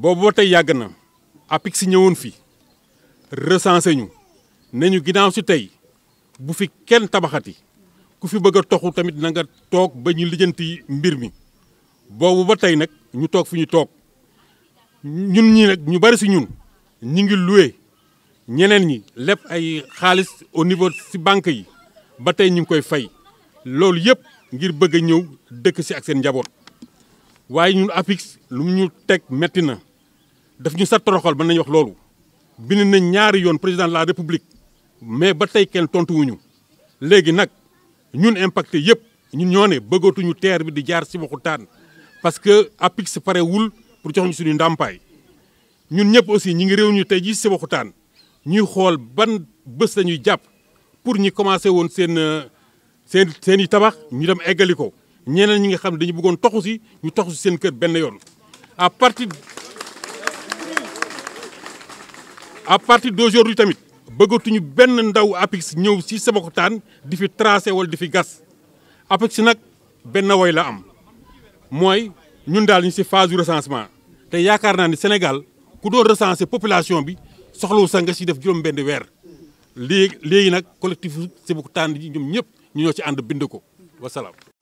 boobu ba tey yàgg na APIX si ñëwoon fi recensé ñu ne ñu ginnaaw si tey bu fi kenn tabaxati ku fi bëgg a toxu tamit na nga toog ba ñu lijjanti mbir mi boobu ba tey nag ñu toog fi ñu toog ñun ñi nag ñu bari si ñun ñi ngi loué ñeneen ñi lépp ay xaalis au niveau si banque yi ba tey ñu ngi koy fay loolu yëpp ngir bëgg ñëw dëkk si ak seen njaboot waaye ñun APIX lu mu ñu teg metti na daf ñu sat toroxal mën nañu wax loolu bind nañ ñaari yoon président la république mais ba tey kenn tontuwuñu léegi nag ñun impacte yëpp ñun ñoo ne bëggatuñu terre bi di jaar si waxu taan parce que APIX pare wul pour jox ñu suñu ndàmpaay ñun ñëpp aussi ñi ngi réew ñu tey ji si waxu ñuy xool ban bés lañuy jàpp pour ñi commencé woon seen seen seen i tabax ñu dem eggali ko ñeneen ñi nga xam ne dañu bëggoon toxu si ñu toxu si seen kër benn yoon à partir yi tamit bëggatuñu benn ndaw APIX ñëw ci Sébikotane di fi tracé wala di fi gas APIX nag benn woy la am mooy ñun daal ñu ci phase du recensement te yaakaar naa ni Sénégal ku doon recenser population bi soxlawul sa nga ci def juróom-benn weer léegi léegi nag collectif Sébikotane yi ñoom ñëpp ñu ñoo ci ànd bind ko wasalaam.